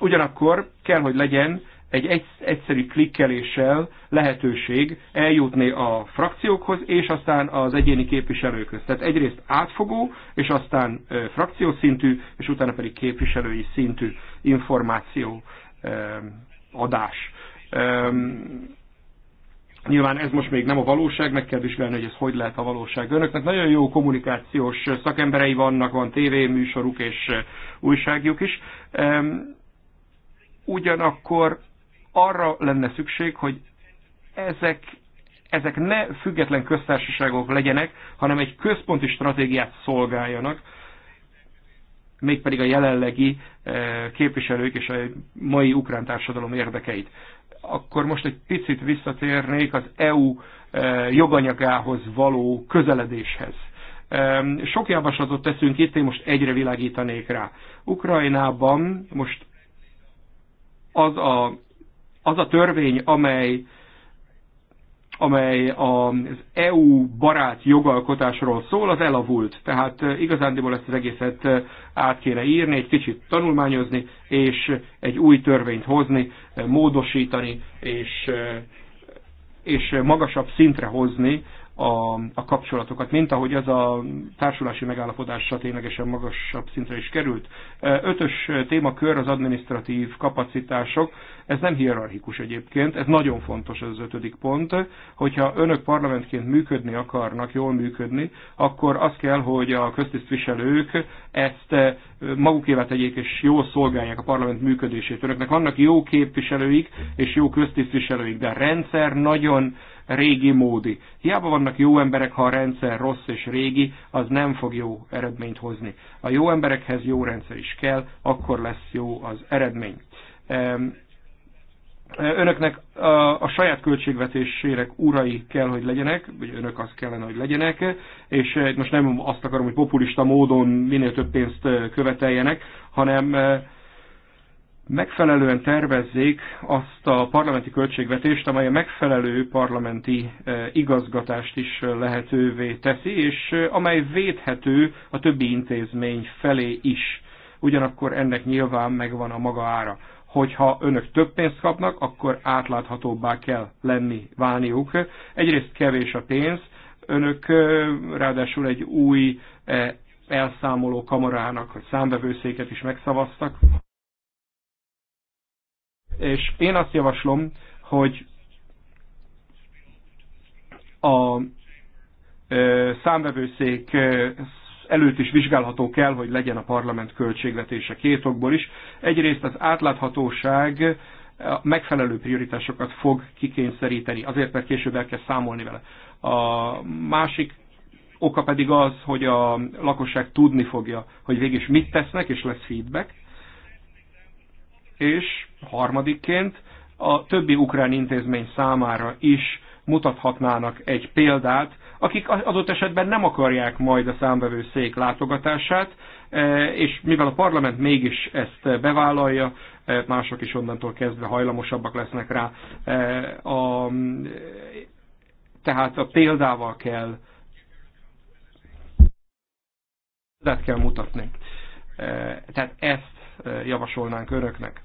Ugyanakkor kell, hogy legyen egy egyszerű klikkeléssel lehetőség eljutni a frakciókhoz, és aztán az egyéni képviselőkhöz. Tehát egyrészt átfogó, és aztán frakciószintű, és utána pedig képviselői szintű információ adás. Nyilván ez most még nem a valóság, meg kell vizsgálni, hogy ez hogy lehet a valóság. Önöknek nagyon jó kommunikációs szakemberei vannak, van tévéműsoruk és újságjuk is. Ugyanakkor arra lenne szükség, hogy ezek, ezek ne független köztársaságok legyenek, hanem egy központi stratégiát szolgáljanak, mégpedig a jelenlegi eh, képviselők és a mai ukrán társadalom érdekeit. Akkor most egy picit visszatérnék az EU eh, joganyagához való közeledéshez. Eh, sok javaslatot teszünk itt, én most egyre világítanék rá. Ukrajnában most az a az a törvény, amely amely az EU barát jogalkotásról szól, az elavult. Tehát eh, igazándiból ezt az egészet eh, át kéne írni, egy kicsit tanulmányozni, és egy új törvényt hozni, eh, módosítani, és, és magasabb szintre hozni a, a kapcsolatokat, mint ahogy ez a társulási megállapodásra ténylegesen magasabb szintre is került. E, ötös témakör az administratív kapacitások, ez nem hierarchikus egyébként, ez nagyon fontos ez az ötödik pont, hogyha önök parlamentként működni akarnak, jól működni, akkor az kell, hogy a köztisztviselők ezt e, magukévá tegyék és jól szolgálják a parlament működését. Önöknek vannak jó képviselőik és jó köztisztviselőik, de a rendszer nagyon régi módi. Hiába vannak jó emberek, ha a rendszer rossz és régi, az nem fog jó eredményt hozni. A jó emberekhez jó rendszer is kell, akkor lesz jó az eredmény. Önöknek a, a saját költségvetésének urai kell, hogy legyenek, vagy önök az kellene, hogy legyenek, és eh, most nem azt akarom, hogy populista módon minél több pénzt eh, követeljenek, hanem eh, megfelelően tervezzék azt a parlamenti költségvetést, amely a megfelelő parlamenti eh, igazgatást is lehetővé teszi, és eh, amely védhető a többi intézmény felé is. Ugyanakkor ennek nyilván megvan a maga ára. Hogyha önök több pénzt kapnak, akkor átláthatóbbá kell lenni, válniuk. Egyrészt kevés a pénz, önök eh, ráadásul egy új elszámoló kamarának, hogy számbevőszéket is megszavaztak. És én azt javaslom, hogy a számvevőszék előtt is vizsgálható kell, hogy legyen a parlament költségvetése két okból is. Egyrészt az átláthatóság megfelelő prioritásokat fog kikényszeríteni, azért mert később el kell számolni vele. A másik oka pedig az, hogy a lakosság tudni fogja, hogy végig mit tesznek, és lesz feedback és harmadikként a többi ukrán intézmény számára is mutathatnának egy példát, akik adott esetben nem akarják majd a szék látogatását, e, és mivel a parlament mégis ezt bevállalja, e, mások is onnantól kezdve hajlamosabbak lesznek rá. E, a, tehát a példával kell példát kell mutatni. Tehát ezt javasolnánk önöknek.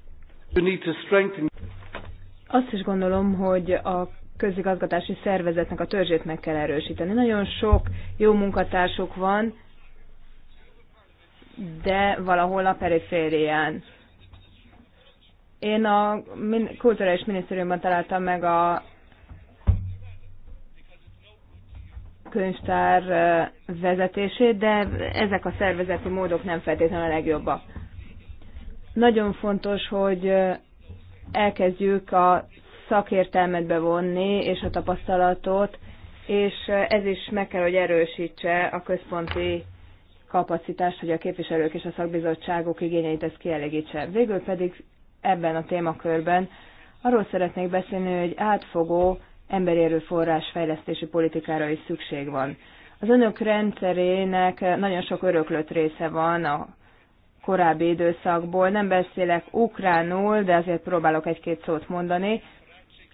Azt is gondolom, hogy a közigazgatási szervezetnek a törzsét meg kell erősíteni. Nagyon sok jó munkatársuk van, de valahol a periférián. Én a kulturális minisztériumban találtam meg a könyvtár vezetését, de ezek a szervezeti módok nem feltétlenül a legjobbak. Nagyon fontos, hogy elkezdjük a szakértelmet bevonni, és a tapasztalatot, és ez is meg kell, hogy erősítse a központi kapacitást, hogy a képviselők és a szakbizottságok igényeit ezt kielégítse. Végül pedig ebben a témakörben arról szeretnék beszélni, hogy átfogó emberi erőforrás fejlesztési politikára is szükség van. Az önök rendszerének nagyon sok öröklött része van a korábbi időszakból. Nem beszélek ukránul, de azért próbálok egy-két szót mondani.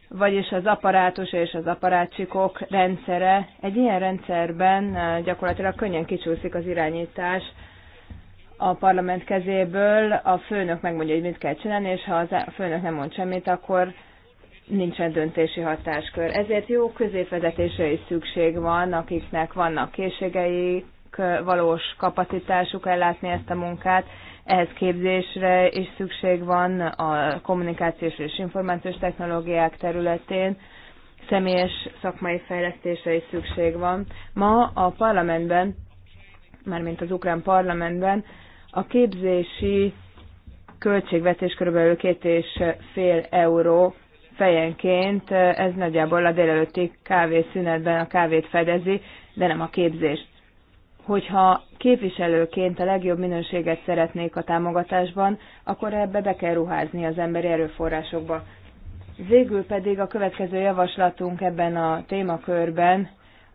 Vagyis az aparátus és az aparátsikok rendszere. Egy ilyen rendszerben eh, gyakorlatilag könnyen kicsúszik az irányítás a parlament kezéből. A főnök megmondja, hogy mit kell csinálni, és ha a főnök nem mond semmit, akkor nincsen döntési hatáskör. Ezért jó középvezetésre is szükség van, akiknek vannak készségeik, valós kapacitásuk ellátni ezt a munkát. Ehhez képzésre is szükség van a kommunikációs és információs technológiák területén, személyes szakmai fejlesztésre is szükség van. Ma a parlamentben, mármint az ukrán parlamentben, a képzési költségvetés kb. 2,5 euró fejenként, ez nagyjából a délelőtti kávészünetben a kávét fedezi, de nem a képzést hogyha képviselőként a legjobb minőséget szeretnék a támogatásban, akkor ebbe be kell ruházni az emberi erőforrásokba. Végül pedig a következő javaslatunk ebben a témakörben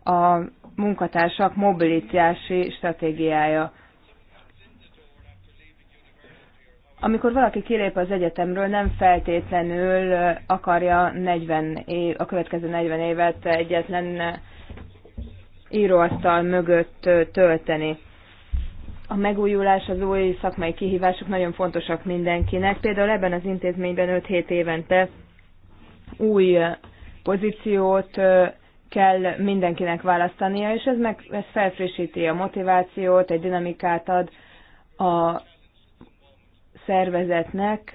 a munkatársak mobilitási stratégiája. Amikor valaki kilép az egyetemről, nem feltétlenül akarja 40 év, a következő 40 évet egyetlen íróasztal mögött tölteni. A megújulás, az új szakmai kihívások nagyon fontosak mindenkinek. Például ebben az intézményben 5-7 évente új pozíciót kell mindenkinek választania, és ez, meg, ez felfrissíti a motivációt, egy dinamikát ad a szervezetnek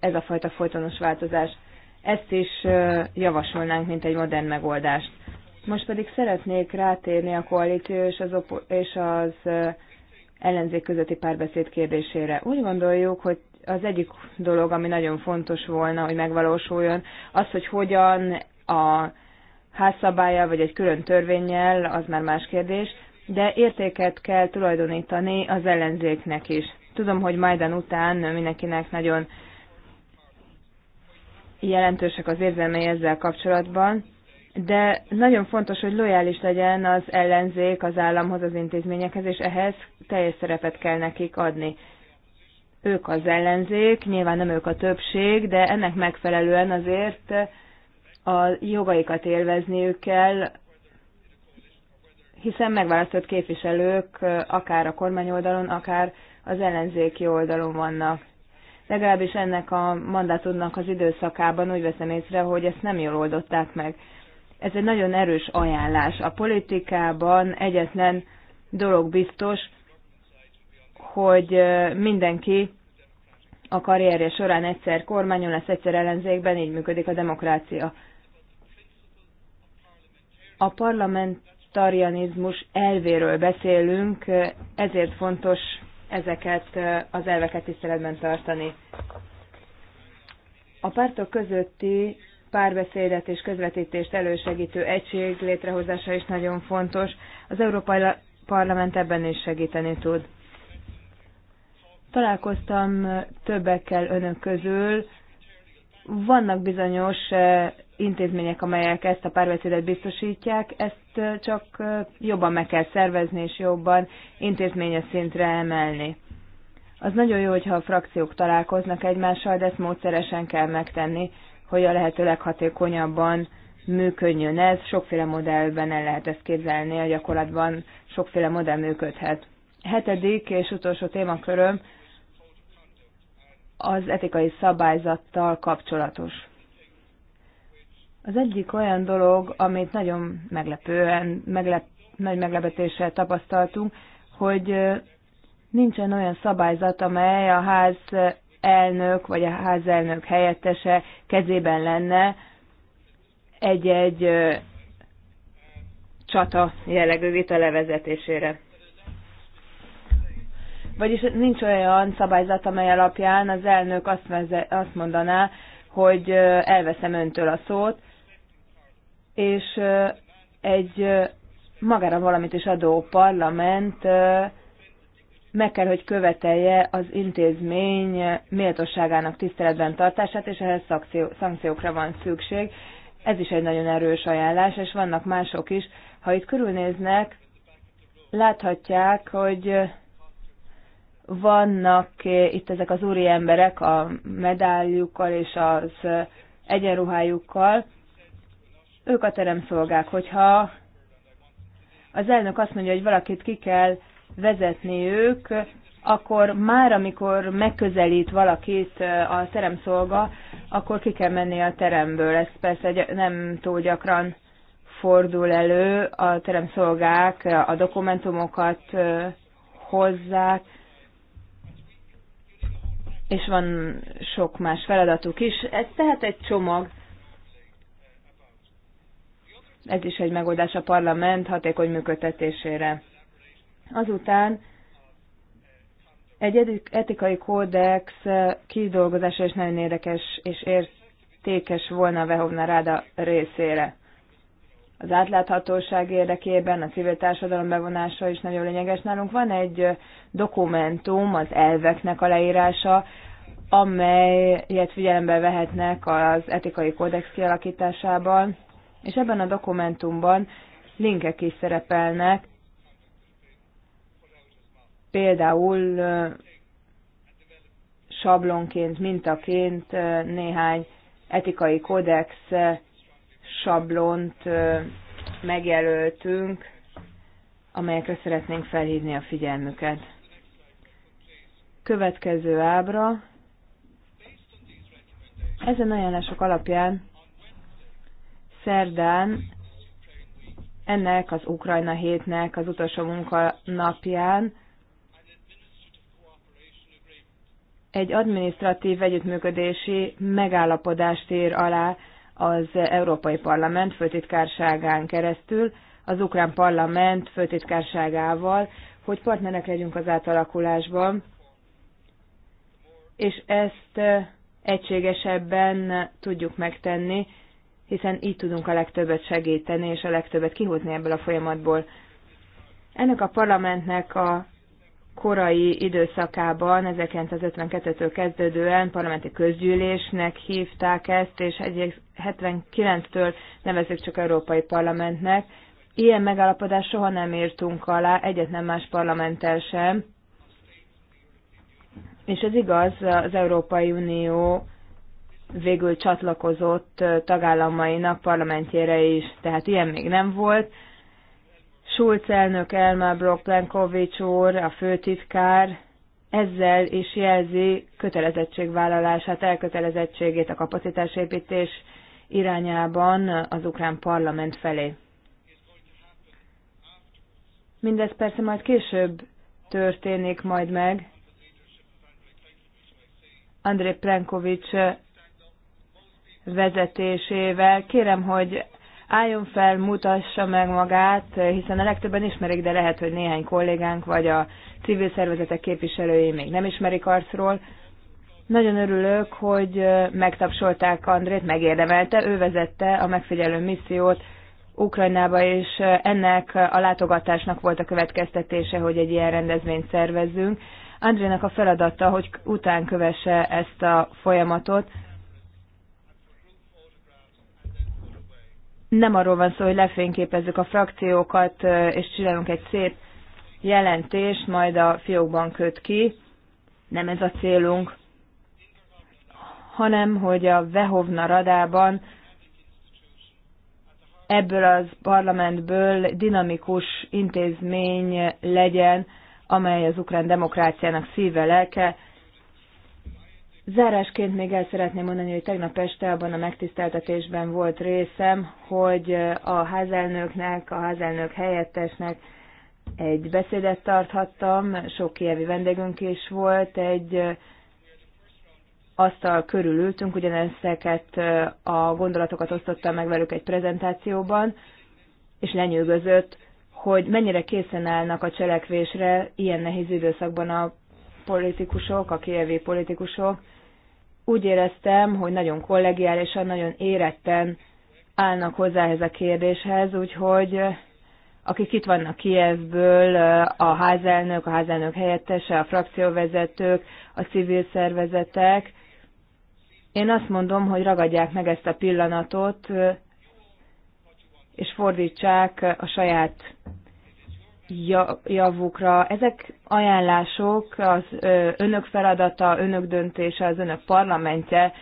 ez a fajta folytonos változás. Ezt is javasolnánk, mint egy modern megoldást. Most pedig szeretnék rátérni a koalíció és az, opo- és az ellenzék közötti párbeszéd kérdésére. Úgy gondoljuk, hogy az egyik dolog, ami nagyon fontos volna, hogy megvalósuljon, az, hogy hogyan a házszabálya vagy egy külön törvényel, az már más kérdés, de értéket kell tulajdonítani az ellenzéknek is. Tudom, hogy Majdan után mindenkinek nagyon jelentősek az érzelmei ezzel kapcsolatban, de nagyon fontos, hogy lojális legyen az ellenzék az államhoz, az intézményekhez, és ehhez teljes szerepet kell nekik adni. Ők az ellenzék, nyilván nem ők a többség, de ennek megfelelően azért a jogaikat élvezniük kell, hiszen megválasztott képviselők akár a kormány oldalon, akár az ellenzéki oldalon vannak. Legalábbis ennek a mandátumnak az időszakában úgy veszem észre, hogy ezt nem jól oldották meg. Ez egy nagyon erős ajánlás. A politikában egyetlen dolog biztos, hogy mindenki a karrierje során egyszer kormányon lesz, egyszer ellenzékben, így működik a demokrácia. A parlamentarianizmus elvéről beszélünk, ezért fontos ezeket az elveket tiszteletben tartani. A pártok közötti párbeszédet és közvetítést elősegítő egység létrehozása is nagyon fontos. Az Európai Parlament ebben is segíteni tud. Találkoztam többekkel önök közül. Vannak bizonyos eh, intézmények, amelyek ezt a párbeszédet biztosítják, ezt eh, csak eh, jobban meg kell szervezni és jobban intézményes szintre emelni. Az nagyon jó, hogyha a frakciók találkoznak egymással, de ezt módszeresen kell megtenni hogy a lehető leghatékonyabban működjön ez. Sokféle modellben el lehet ezt képzelni, a gyakorlatban sokféle modell működhet. Hetedik és utolsó témaköröm az etikai szabályzattal kapcsolatos. Az egyik olyan dolog, amit nagyon meglepően, meglep, nagy meglepetéssel tapasztaltunk, hogy nincsen olyan szabályzat, amely a ház elnök vagy a házelnök helyettese kezében lenne egy-egy csata jellegű vita levezetésére. Vagyis nincs olyan szabályzat, amely alapján az elnök azt, meze, azt mondaná, hogy elveszem öntől a szót, és egy magára valamit is adó parlament meg kell, hogy követelje az intézmény méltóságának tiszteletben tartását, és ehhez szankciókra van szükség. Ez is egy nagyon erős ajánlás, és vannak mások is. Ha itt körülnéznek, láthatják, hogy vannak eh, itt ezek az úri emberek a medáljukkal és az eh, egyenruhájukkal. Ők a teremszolgák, hogyha az elnök azt mondja, hogy valakit ki kell vezetni ők, akkor már, amikor megközelít valakit a teremszolga, akkor ki kell menni a teremből. Ez persze nem túl gyakran fordul elő, a teremszolgák a dokumentumokat hozzák, és van sok más feladatuk is. Ez tehát egy csomag. Ez is egy megoldás a parlament hatékony működtetésére. Azután egy etikai kódex kidolgozása is nagyon érdekes és értékes volna a Vehovna Ráda részére. Az átláthatóság érdekében a civil társadalom bevonása is nagyon lényeges. Nálunk van egy dokumentum, az elveknek a leírása, amelyet figyelembe vehetnek az etikai kódex kialakításában, és ebben a dokumentumban linkek is szerepelnek például sablonként, mintaként néhány etikai kodex sablont megjelöltünk, amelyekre szeretnénk felhívni a figyelmüket. Következő ábra. Ezen ajánlások alapján szerdán ennek az Ukrajna hétnek az utolsó munkanapján egy adminisztratív együttműködési megállapodást ír alá az Európai Parlament főtitkárságán keresztül az ukrán parlament főtitkárságával, hogy partnerek legyünk az átalakulásban, és ezt egységesebben tudjuk megtenni, hiszen így tudunk a legtöbbet segíteni, és a legtöbbet kihozni ebből a folyamatból. Ennek a parlamentnek a korai időszakában, 1952-től kezdődően parlamenti közgyűlésnek hívták ezt, és 79-től nevezik csak Európai Parlamentnek. Ilyen megállapodás soha nem írtunk alá, egyetlen más parlamenttel sem. És ez igaz, az Európai Unió végül csatlakozott tagállamainak parlamentjére is, tehát ilyen még nem volt. Schulz elnök, Elmar Brock, Plenkovics úr, a főtitkár ezzel is jelzi kötelezettségvállalását, elkötelezettségét a kapacitásépítés irányában az ukrán parlament felé. Mindez persze majd később történik majd meg. André Plenkovics vezetésével. Kérem, hogy álljon fel, mutassa meg magát, hiszen a legtöbben ismerik, de lehet, hogy néhány kollégánk vagy a civil szervezetek képviselői még nem ismerik arcról. Nagyon örülök, hogy megtapsolták Andrét, megérdemelte, ő vezette a megfigyelő missziót Ukrajnába, és ennek a látogatásnak volt a következtetése, hogy egy ilyen rendezvényt szervezzünk. Andrének a feladata, hogy után kövesse ezt a folyamatot, Nem arról van szó, hogy lefényképezzük a frakciókat, és csinálunk egy szép jelentést, majd a fiókban köt ki. Nem ez a célunk, hanem hogy a Vehovna radában ebből az parlamentből dinamikus intézmény legyen, amely az ukrán demokráciának szíve, lelke, Zárásként még el szeretném mondani, hogy tegnap este abban a megtiszteltetésben volt részem, hogy a házelnöknek, a házelnök helyettesnek egy beszédet tarthattam, sok kievi vendégünk is volt, egy asztal ültünk, ugyanezeket a gondolatokat osztottam meg velük egy prezentációban, és lenyűgözött, hogy mennyire készen állnak a cselekvésre ilyen nehéz időszakban a politikusok, a kievi politikusok, úgy éreztem, hogy nagyon kollegiálisan, nagyon éretten állnak hozzá ehhez a kérdéshez, úgyhogy eh, akik itt vannak Kievből, eh, a házelnök, a házelnök helyettese, a frakcióvezetők, a civil szervezetek, én azt mondom, hogy ragadják meg ezt a pillanatot, eh, és fordítsák a saját javukra. Ezek ajánlások, az önök feladata, önök döntése, az önök parlamentje,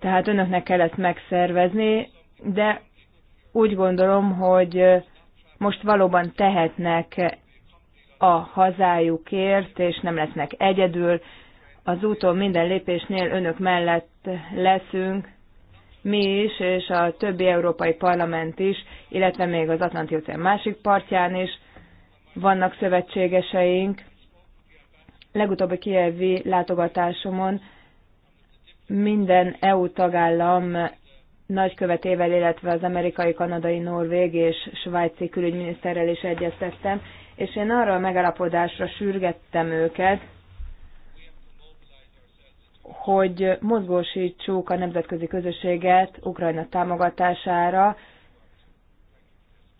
tehát önöknek kell ezt megszervezni, de úgy gondolom, hogy most valóban tehetnek a hazájukért, és nem lesznek egyedül. Az úton minden lépésnél önök mellett leszünk, mi is, és a többi európai parlament is, illetve még az Atlanti óceán másik partján is vannak szövetségeseink. Legutóbbi kievi látogatásomon minden EU tagállam nagykövetével, illetve az amerikai, kanadai, norvég és svájci külügyminiszterrel is egyeztettem, és én arra a megállapodásra sürgettem őket, hogy mozgósítsuk a nemzetközi közösséget Ukrajna támogatására,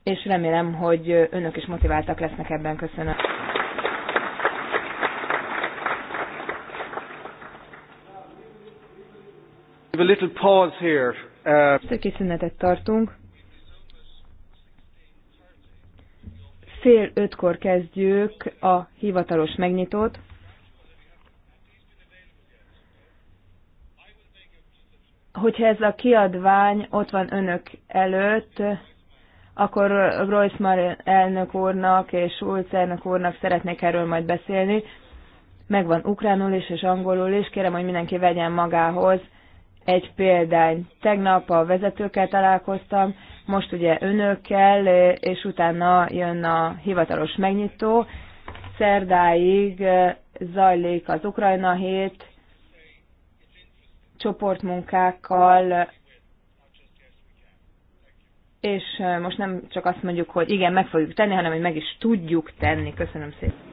és remélem, hogy önök is motiváltak lesznek ebben. Köszönöm. A little pause
here. Uh... Kis
szünetet tartunk. Fél ötkor kezdjük a hivatalos megnyitót. Hogyha ez a kiadvány ott van önök előtt, akkor Groismar elnök úrnak és Schulz elnök úrnak szeretnék erről majd beszélni. Megvan ukránul is és angolul is, kérem, hogy mindenki vegyen magához egy példány. Tegnap a vezetőkkel találkoztam, most ugye önökkel, és utána jön a hivatalos megnyitó. Szerdáig zajlik az Ukrajna hét, csoportmunkákkal és most nem csak azt mondjuk, hogy igen, meg fogjuk tenni, hanem hogy meg is tudjuk tenni. Köszönöm szépen.